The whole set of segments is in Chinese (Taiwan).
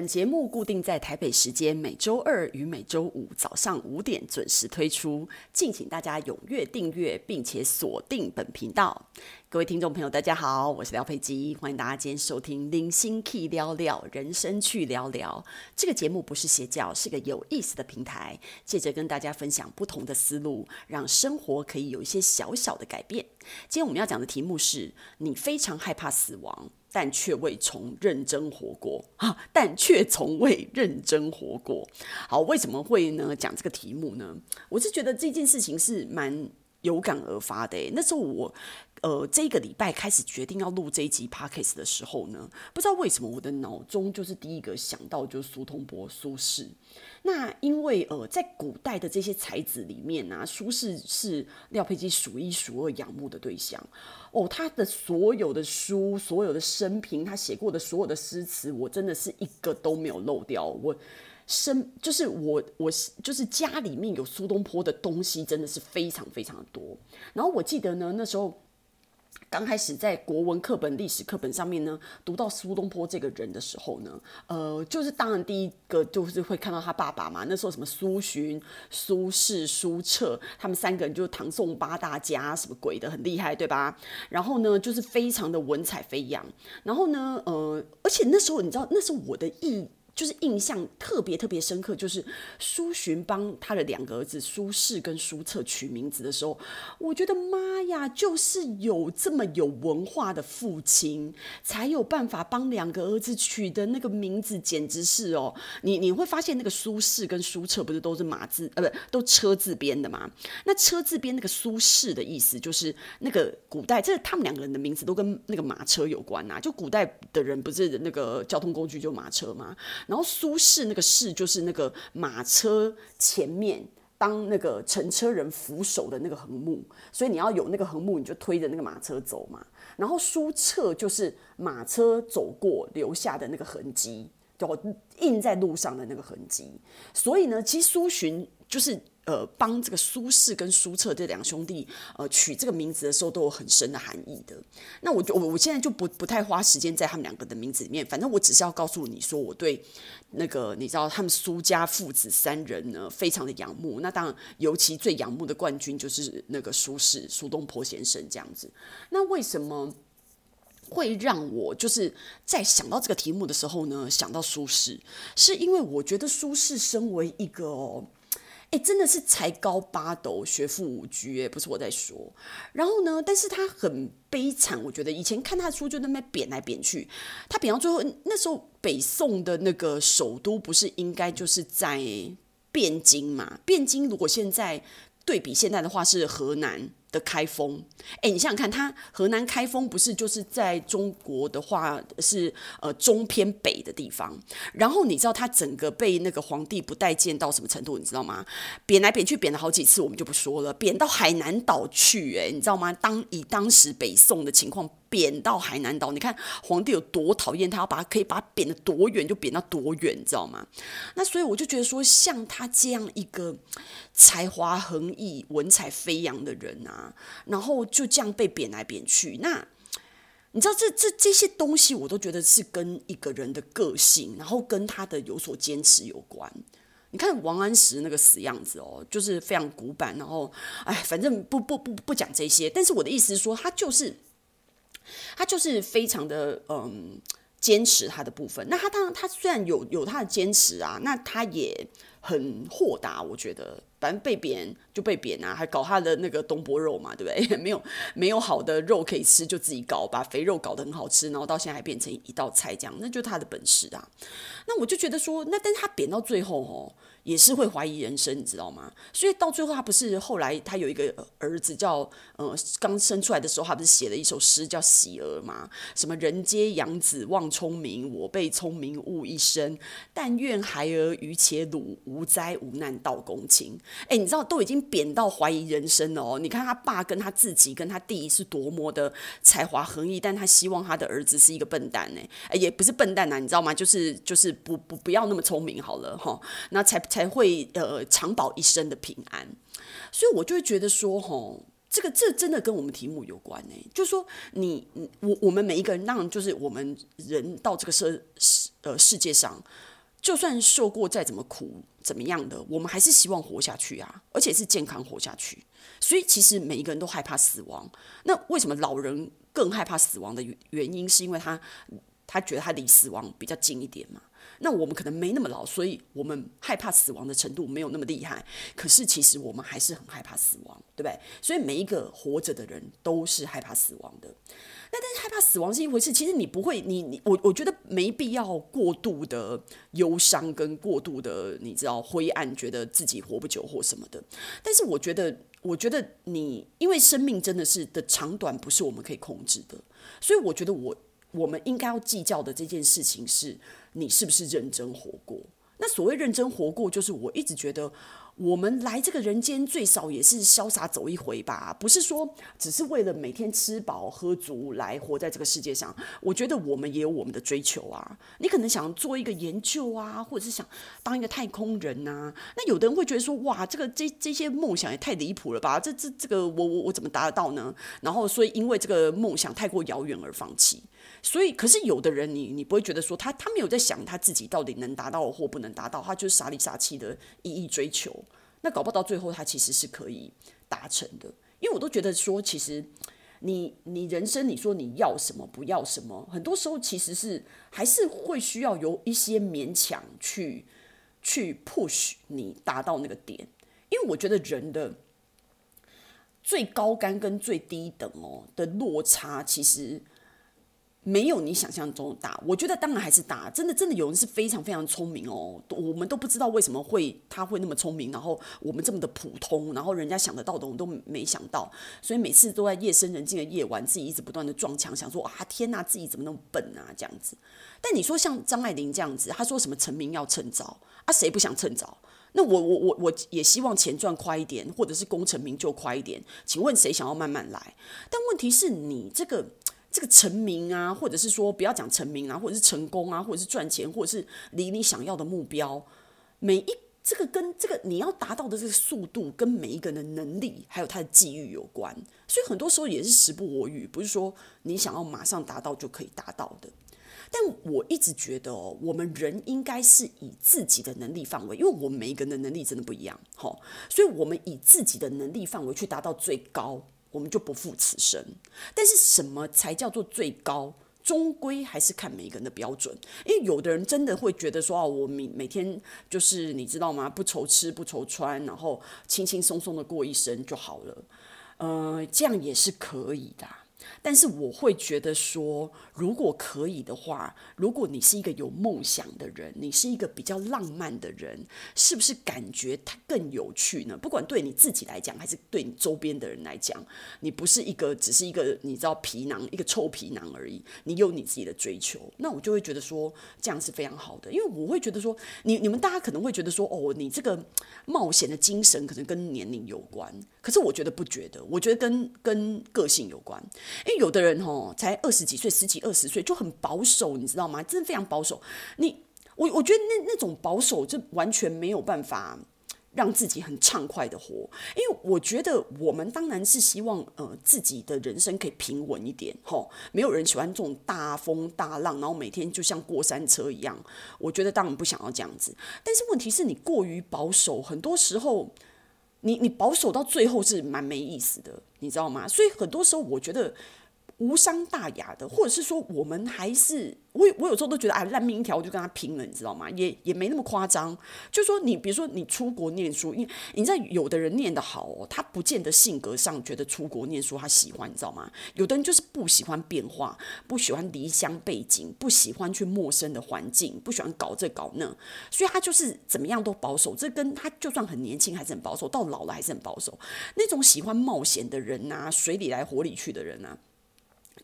本節目固定在台北時間每周二與每周五早上五點準時推出，敬請大家踊躍訂閱並且鎖定本頻道。各位聽眾朋友，大家好，我是廖佩吉。歡迎大家今天收聽《零星 K 聊聊人生趣聊聊》這個節目，不是邪教，是個有意思的平台，借着跟大家分享不同的思路，讓生活可以有一些小小的改變。今天我們要講的題目是：你非常害怕死亡，但卻未從認真活過哈、啊，但卻從未認真活過。好，為什麼會呢？講這個題目呢？我是覺得這件事情是蠻有感而發的、欸、那時候我，呃，這個禮拜開始決定要錄這一集 podcast 的時候呢，不知道為什麼我的腦中就是第一個想到就是蘇東坡、蘇軾，那因為呃，在古代的這些才子裡面呢，蘇軾是廖佩基數一數二仰慕的對象哦，他的所有的書、所有的生平、他寫過的所有的詩詞，我真的是一個都沒有漏掉我。生就是我，我就是家裡面有蘇東坡的東西真的是非常非常的多。然後我記得呢，那時候剛開始在國文課本、歷史課本上面呢讀到蘇東坡這個人的時候呢，呃，就是當然第一個就是會看到他爸爸嘛，那時候什麼蘇洵、蘇軾、蘇轍，他們三個人就是唐宋八大家，什麼鬼的很厲害，對吧？然後呢，就是非常的文采飛揚。然後呢，呃，而且那時候你知道，那是我的意。就是印象特別特別深刻，就是蘇洵幫他的兩個兒子蘇軾跟蘇轍取名字的時候，我覺得媽呀，就是有這麼有文化的父親，才有辦法幫兩個兒子取的那個名字，簡直是哦！你你會發現那個蘇軾跟蘇轍不是都是馬字呃，不都車字邊的嘛？那車字邊那個蘇軾的意思就是那個古代這他們兩個人的名字都跟那個馬車有關吶啊，就古代的人不是那個交通工具就馬車嗎？然後蘇軾那個軾就是那個馬車前面當那個乘車人扶手的那個橫木，所以你要有那個橫木，你就推着那個馬車走嘛。然後蘇轍就是馬車走過留下的那個痕跡，就印在路上的那個痕跡。所以呢，其實蘇洵就是。呃，幫這個蘇軾跟蘇轍這兩兄弟，呃，取這個名字的時候都有很深的含義的。那我就我我現在就不不太花時間在他們兩個的名字裡面，反正我只是要告訴你說，我對那個你知道他們蘇家父子三人呢，非常的仰慕。那當然，尤其最仰慕的冠軍就是那個蘇軾蘇東坡先生這樣子。那為什麼會讓我就是在想到這個題目的時候呢，想到蘇軾，是因為我覺得蘇軾身為一個、哦。哎、欸，真的是才高八斗，學富五車。哎，不是我在說。然後呢，但是他很悲慘，我覺得以前看他的書，就在那邊貶來貶去，他貶到最後，那時候北宋的那個首都不是應該就是在汴京嘛？汴京如果現在對比現在的話，是河南的開封，哎、欸，你想想看，他河南開封不是就是在中國的話是呃中偏北的地方，然後你知道他整個被那個皇帝不待見到什麼程度，你知道嗎？貶來貶去，貶了好幾次，我們就不說了，貶到海南島去、欸，哎，你知道嗎？當以當時北宋的情況，貶到海南島，你看皇帝有多討厭他，他要把他可以把他貶得多遠就貶到多遠，你知道嗎？那所以我就覺得說，像他這樣一個才華橫溢、文采飛揚的人啊。然後就這樣被貶來貶去，那你知道這這這些東西，我都覺得是跟一個人的個性，然後跟他的有所堅持有關。你看王安石那個死樣子哦，就是非常古板，然後哎，反正不不不不講這些。但是我的意思是說，他就是他就是非常的嗯堅持他的部分。那他當然他，他雖然有有他的堅持啊，那他也很豁達，我覺得。反正被貶就被貶啊，還搞他的那個東坡肉嘛，對不對？沒有沒有好的肉可以吃，就自己搞，把肥肉搞得很好吃，然後到現在還變成一道菜，這樣，那就他的本事啊。那我就覺得說，那但是他貶到最後哦，也是會懷疑人生，你知道嗎？所以到最後他不是後來他有一個兒子叫呃剛生出來的時候，他不是寫了一首詩叫《洗兒》嗎？什麼人皆養子望聰明，我被聰明誤一生。但願孩兒愚且魯，無災無難到公卿。哎、欸，你知道都已經貶到懷疑人生了哦！你看他爸跟他自己跟他弟是多麼的才華橫溢，但他希望他的兒子是一個笨蛋呢、欸，也不是笨蛋吶、啊，你知道嗎？就是就是不不不要那麼聰明好了吼，那才才會呃長保一生的平安。所以，我就會覺得說，吼，這個這真的跟我們題目有關呢，就是說你我我們每一個人，讓就是我們人到這個社世呃世界上。就算受過再怎麼苦怎麼樣的，我們還是希望活下去啊，而且是健康活下去。所以其實每一個人都害怕死亡。那為什麼老人更害怕死亡的原原因，是因為他他覺得他離死亡比較近一點嘛。那我們可能沒那麼老，所以我們害怕死亡的程度沒有那麼厲害。可是其實我們還是很害怕死亡，對不對？所以每一個活着的人都是害怕死亡的。那但是害怕死亡是一回事，其實你不會，你你我我覺得沒必要過度的憂傷跟過度的你知道灰暗，覺得自己活不久或什麼的。但是我覺得，我覺得你因為生命真的是的長短不是我們可以控制的，所以我覺得我我們應該要計較的這件事情是。你是不是認真活過？那所謂認真活過，就是我一直覺得，我們來這個人間最少也是瀟灑走一回吧。不是說只是為了每天吃飽喝足來活在這個世界上。我覺得我們也有我們的追求啊。你可能想做一個研究啊，或者是想當一個太空人吶啊。那有的人會覺得說，哇，這個這這些夢想也太離譜了吧？這這這個我我我怎麼達得到呢？然後所以因為這個夢想太過遙遠而放棄。所以，可是有的人你，你你不會覺得說他他沒有在想他自己到底能達到或不能達到，他就是傻裡傻氣的，一一追求。那搞不到最後，他其實是可以達成的。因為我都覺得說，其實你你人生，你說你要什麼，不要什麼，很多時候其實是還是會需要有一些勉強去去 push 你達到那個點。因為我覺得人的最高杆跟最低等哦、喔、的落差，其實。沒有你想象中的大，我覺得當然還是大。真的，真的有人是非常非常聰明哦，我們都不知道為什麼會他會那麼聰明，然後我們這麼的普通，然後人家想得到的我們都沒想到，所以每次都在夜深人靜的夜晚，自己一直不斷的撞牆，想說啊，天哪，自己怎麼那麼笨啊這樣子。但你說像張愛玲這樣子，她說什麼成名要趁早啊，誰不想趁早？那我我我我也希望錢賺快一點，或者是功成名就快一點。請問誰想要慢慢來？但問題是你這個。這個成名啊，或者是說不要講成名啊，或者是成功啊，或者是賺錢，或者是離你想要的目標，每一這個跟這個你要達到的這個速度，跟每一個人的能力還有他的際遇有關，所以很多時候也是時不我與，不是說你想要馬上達到就可以達到的。但我一直覺得哦，我們人應該是以自己的能力範圍，因為我們每一個人的能力真的不一樣，吼、哦，所以我們以自己的能力範圍去達到最高。我們就不枉此生，但是什麼才叫做最高？終歸還是看每個人的標準，因為有的人真的會覺得說我每每天就是你知道嗎？不愁吃不愁穿，然後輕輕鬆鬆的過一生就好了，呃，這樣也是可以的啊。但是我會覺得說，如果可以的話，如果你是一個有夢想的人，你是一個比較浪漫的人，是不是感覺它更有趣呢？不管對你自己來講，還是對你周邊的人來講，你不是一個只是一個你知道皮囊，一個臭皮囊而已，你有你自己的追求，那我就會覺得說這樣是非常好的，因為我會覺得說，你你們大家可能會覺得說，哦，你這個冒險的精神可能跟年齡有關。可是我覺得不覺得，我覺得跟跟個性有關。因為有的人哦、喔，才二十幾歲，十幾二十歲就很保守，你知道嗎？真的非常保守。你，我我覺得那那種保守，就完全沒有辦法讓自己很暢快的活。因為我覺得我們當然是希望呃自己的人生可以平穩一點，吼，沒有人喜歡這種大風大浪，然後每天就像過山車一樣。我覺得當然不想要這樣子。但是問題是你過於保守，很多時候。你你保守到最後是蠻沒意思的，你知道嗎？所以很多時候我覺得。無傷大雅的，或者是說，我們還是我我有時候都覺得，啊、哎，爛命一條，我就跟他拼了，你知道嗎？也也沒那麼誇張。就說你，比如說你出國念書，因為你知道有的人念得好哦，他不見得性格上覺得出國念書他喜歡，你知道嗎？有的人就是不喜歡變化，不喜歡離鄉背井，不喜歡去陌生的環境，不喜歡搞這搞那，所以他就是怎麼樣都保守。這跟他就算很年輕還是很保守，到老了還是很保守。那種喜歡冒險的人啊，水裡來火裡去的人啊。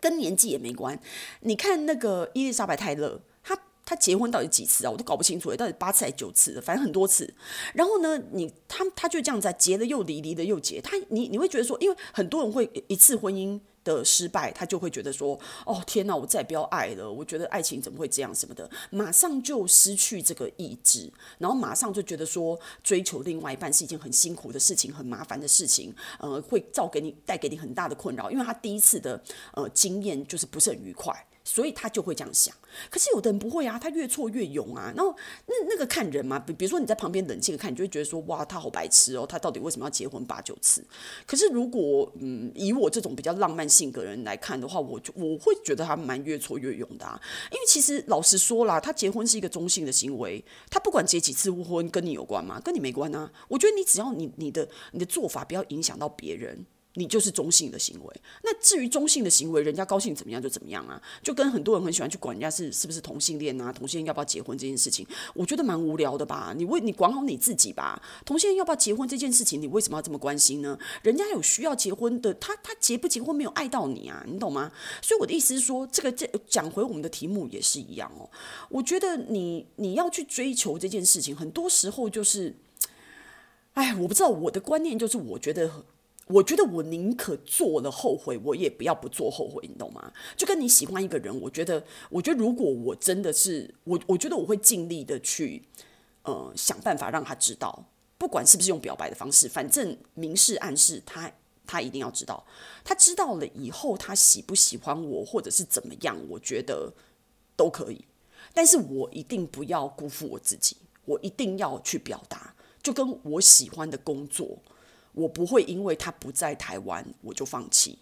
跟年紀也沒關，你看那個伊麗莎白泰勒，她她結婚到底幾次啊？我都搞不清楚，到底八次還是九次？反正很多次。然後呢，你她她就這樣子啊，結了又離，離了又結。她你你會覺得說，因為很多人會一次婚姻。的失敗，他就會覺得說：“哦，天吶、啊，我再也不要愛了。”我覺得愛情怎麼會這樣什麼的，馬上就失去這個意志，然後馬上就覺得說，追求另外一半是一件很辛苦的事情，很麻煩的事情，呃，會造給你帶給你很大的困擾，因為他第一次的呃經驗就是不是很愉快。所以他就會這樣想，可是有的人不會啊，他越挫越勇啊。那那那個看人嘛，比比如說你在旁邊冷靜的看，你就會覺得說，哇，他好白痴哦，他到底為什麼要結婚八九次？可是如果嗯，以我這種比較浪漫性格的人來看的話，我就我會覺得他蠻越挫越勇的啊。因為其實老實說啦，他結婚是一個中性的行為，他不管結幾次婚跟你有關嗎？跟你沒關啊。我覺得你只要你你的你的做法不要影響到別人。你就是中性的行為，那至於中性的行為，人家高興怎麼樣就怎麼樣啊，就跟很多人很喜歡去管人家是是不是同性戀啊。同性要不要結婚這件事情，我覺得蠻無聊的吧？你為你管好你自己吧。同性要不要結婚這件事情，你為什麼要這麼關心呢？人家有需要結婚的，他他結不結婚沒有愛到你啊，你懂嗎？所以我的意思是說，這個這講回我們的題目也是一樣哦。我覺得你你要去追求這件事情，很多時候就是，哎，我不知道我的觀念就是我覺得。我覺得我寧可做了後悔，我也不要不做後悔，你懂嗎？就跟你喜歡一個人，我覺得，我覺得如果我真的是我，我覺得我會盡力的去，呃，想辦法讓他知道，不管是不是用表白的方式，反正明示暗示他，他一定要知道。他知道了以後，他喜不喜歡我，或者是怎麼樣，我覺得都可以。但是我一定不要辜負我自己，我一定要去表達。就跟我喜歡的工作。我不會因為他不在台灣，我就放棄。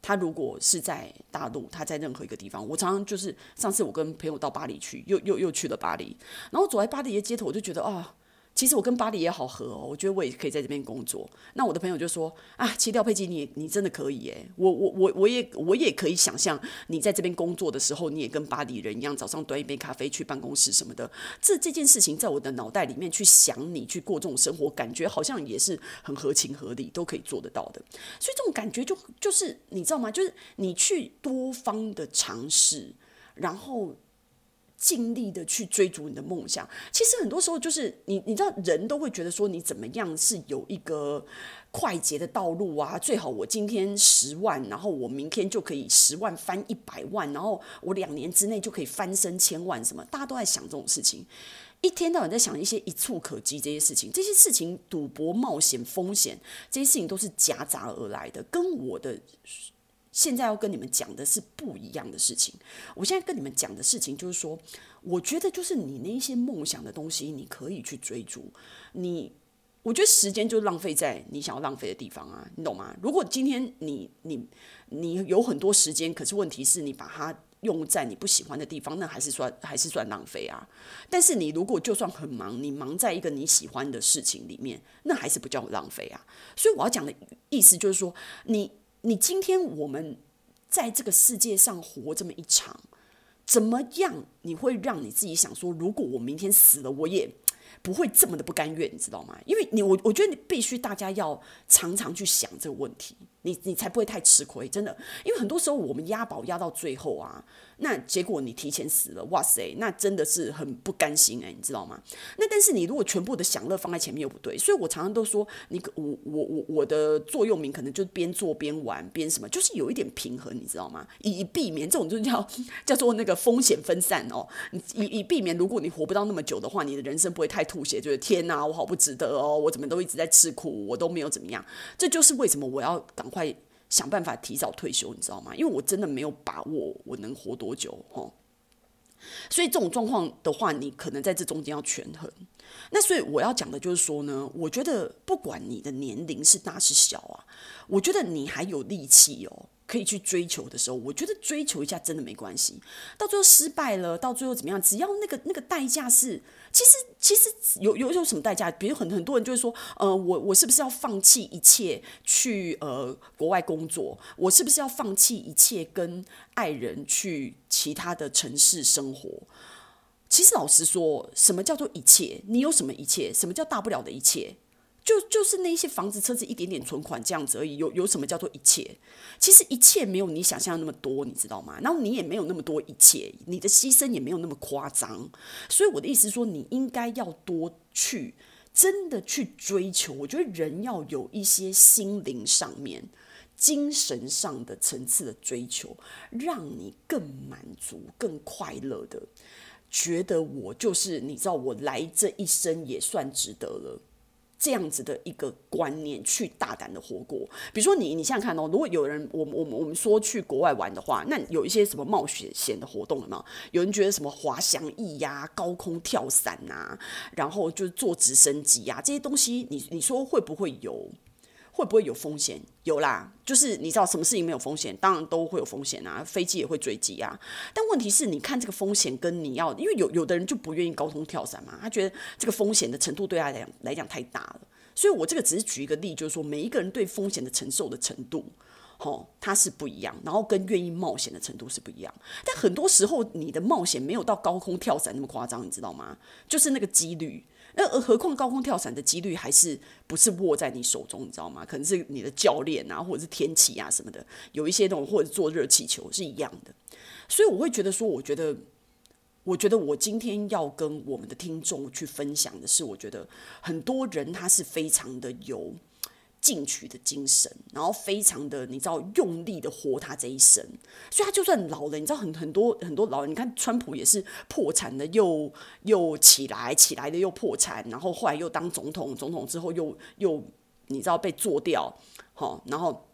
他如果是在大陸，他在任何一個地方，我常常就是上次我跟朋友到巴黎去，又又又去了巴黎，然後走在巴黎的街頭，我就覺得啊、哦。其實我跟巴黎也好合哦，我覺得我也可以在這邊工作。那我的朋友就說：“啊，切掉佩吉，你，你真的可以耶？’我我我我也，我也可以想象你在這邊工作的時候，你也跟巴黎人一樣，早上端一杯咖啡去辦公室什麼的。這這件事情在我的腦袋裡面去想你，你去過這種生活，感覺好像也是很合情合理，都可以做得到的。所以這種感覺就，就是你知道嗎？就是你去多方的嘗試，然後。”盡力的去追逐你的夢想，其實很多時候就是你，你知道人都會覺得說你怎麼樣是有一個快捷的道路啊，最好我今天十萬，然後我明天就可以十萬翻一百萬，然後我兩年之內就可以翻身千萬，什麼大家都在想這種事情，一天到晚在想一些一蹴可及這些事情，這些事情賭博、冒險、風險，這些事情都是夾雜而來的，跟我的。現在要跟你們講的是不一樣的事情。我現在跟你們講的事情就是說，我覺得就是你那一些夢想的東西，你可以去追逐。你，我覺得時間就浪費在你想要浪費的地方啊，你懂嗎？如果今天你你你有很多時間，可是問題是你把它用在你不喜歡的地方，那還是算還是算浪費啊。但是你如果就算很忙，你忙在一個你喜歡的事情裡面，那還是不叫浪費啊。所以我要講的意思就是說，你。你今天我們在這個世界上活這麼一場，怎麼樣？你會讓你自己想說，如果我明天死了，我也不會這麼的不甘願，你知道嗎？因為你，我我覺得你必須大家要常常去想這個問題。你你才不會太吃虧，真的，因為很多時候我們押寶押到最後啊，那結果你提前死了，哇塞，那真的是很不甘心欸，你知道嗎？那但是你如果全部的享樂放在前面又不對，所以我常常都說你，你我我我我的座右銘可能就邊做邊玩邊什麼，就是有一點平衡，你知道嗎？以避免這種就是叫叫做那個風險分散哦，你以以避免如果你活不到那麼久的話，你的人生不會太吐血，就是天吶，我好不值得哦，我怎麼都一直在吃苦，我都沒有怎麼樣，這就是為什麼我要。快想辦法提早退休，你知道嗎？因為我真的沒有把握我能活多久，齁。所以這種狀況的話，你可能在這中間要權衡。那所以我要講的就是說呢，我覺得不管你的年齡是大是小啊，我覺得你還有力氣哦，可以去追求的時候，我覺得追求一下真的沒關係。到最後失敗了，到最後怎麼樣？只要那個那個代價是，其實其實有有有什麼代價？比如很很多人就是說，呃，我我是不是要放棄一切去呃國外工作？我是不是要放棄一切跟愛人去其他的城市生活？其實老實說，什麼叫做一切？你有什麼一切？什麼叫大不了的一切？就就是那一些房子、車子、一點點存款這樣子而已。有有什麼叫做一切？其實一切沒有你想象那麼多，你知道嗎？然後你也沒有那麼多一切，你的犧牲也沒有那麼誇張。所以我的意思是說，你應該要多去真的去追求。我覺得人要有一些心靈上面、精神上的層次的追求，讓你更滿足、更快樂的。覺得我就是你知道，我來這一生也算值得了，這樣子的一個觀念去大膽的活過。比如說你，你想想看哦，如果有人，我們我們我們說去國外玩的話，那有一些什麼冒險險的活動了嗎？有人覺得什麼滑翔翼呀、啊、高空跳傘啊，然後就是坐直升機呀、啊、這些東西你，你你說會不會有？會不會有風險？有啦，就是你知道什麼事情沒有風險？當然都會有風險啊，飛機也會墜機啊。但問題是，你看這個風險跟你要，因為有有的人就不願意高空跳傘嘛，他覺得這個風險的程度對他來講來講太大了。所以我這個只是舉一個例，就是說每一個人對風險的承受的程度。吼，它是不一樣，然後跟願意冒險的程度是不一樣。但很多時候，你的冒險沒有到高空跳傘那麼誇張，你知道嗎？就是那個幾率，那而何況高空跳傘的幾率還是不是握在你手中，你知道嗎？可能是你的教練啊，或者是天氣啊什麼的，有一些東西，或者坐熱氣球是一樣的。所以我會覺得說，我覺得，我覺得我今天要跟我們的聽眾去分享的是，我覺得很多人他是非常的有進取的精神，然後非常的，你知道，用力的活他這一生，所以他就算老了，你知道，很很多很多老人，你看川普也是破產的，又又起來，起來的又破產，然後後來又當總統，總統之後又又你知道被做掉，好、哦，然後。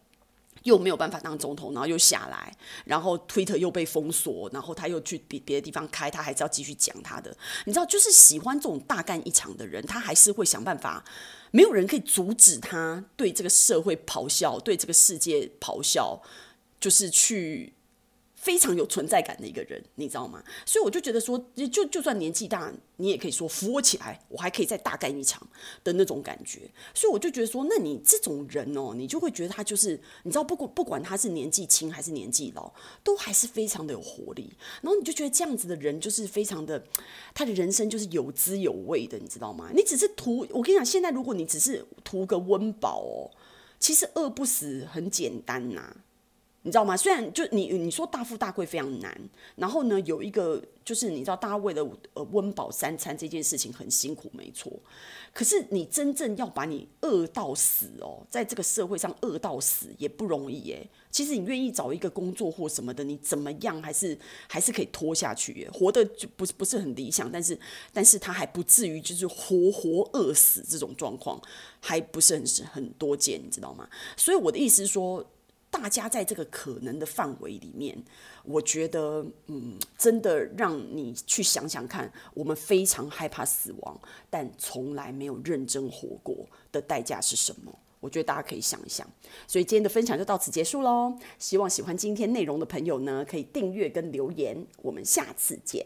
又沒有辦法當總統，然後又下來，然後 Twitter 又被封鎖，然後他又去別別的地方開，他還是要繼續講他的。你知道，就是喜歡這種大幹一場的人，他還是會想辦法，沒有人可以阻止他對這個社會咆哮，對這個世界咆哮，就是去。非常有存在感的一個人，你知道嗎？所以我就覺得說，就就算年紀大，你也可以說扶我起來，我還可以再大幹一場的那種感覺。所以我就覺得說，那你這種人哦，你就會覺得他就是，你知道，不管不管他是年紀輕還是年紀老，都還是非常的有活力。然後你就覺得這樣子的人就是非常的，他的人生就是有滋有味的，你知道嗎？你只是圖，我跟你講，現在如果你只是圖個溫飽哦，其實餓不死，很簡單吶。你知道嗎？雖然就你你說大富大貴非常難，然後呢，有一個就是你知道大家為了呃溫飽三餐這件事情很辛苦，沒錯。可是你真正要把你餓到死哦，在這個社會上餓到死也不容易耶。其實你願意找一個工作或什麼的，你怎麼樣還是還是可以拖下去耶。活得就不是不是很理想，但是但是他還不至於就是活活餓死這種狀況，還不是很很多見，你知道嗎？所以我的意思說。大家在這個可能的範圍裡面，我覺得，嗯，真的讓你去想想看，我們非常害怕死亡，但從來沒有認真活過的代價是什麼？我覺得大家可以想一想。所以今天的分享就到此結束嘍。希望喜歡今天內容的朋友呢，可以訂閱跟留言。我們下次見。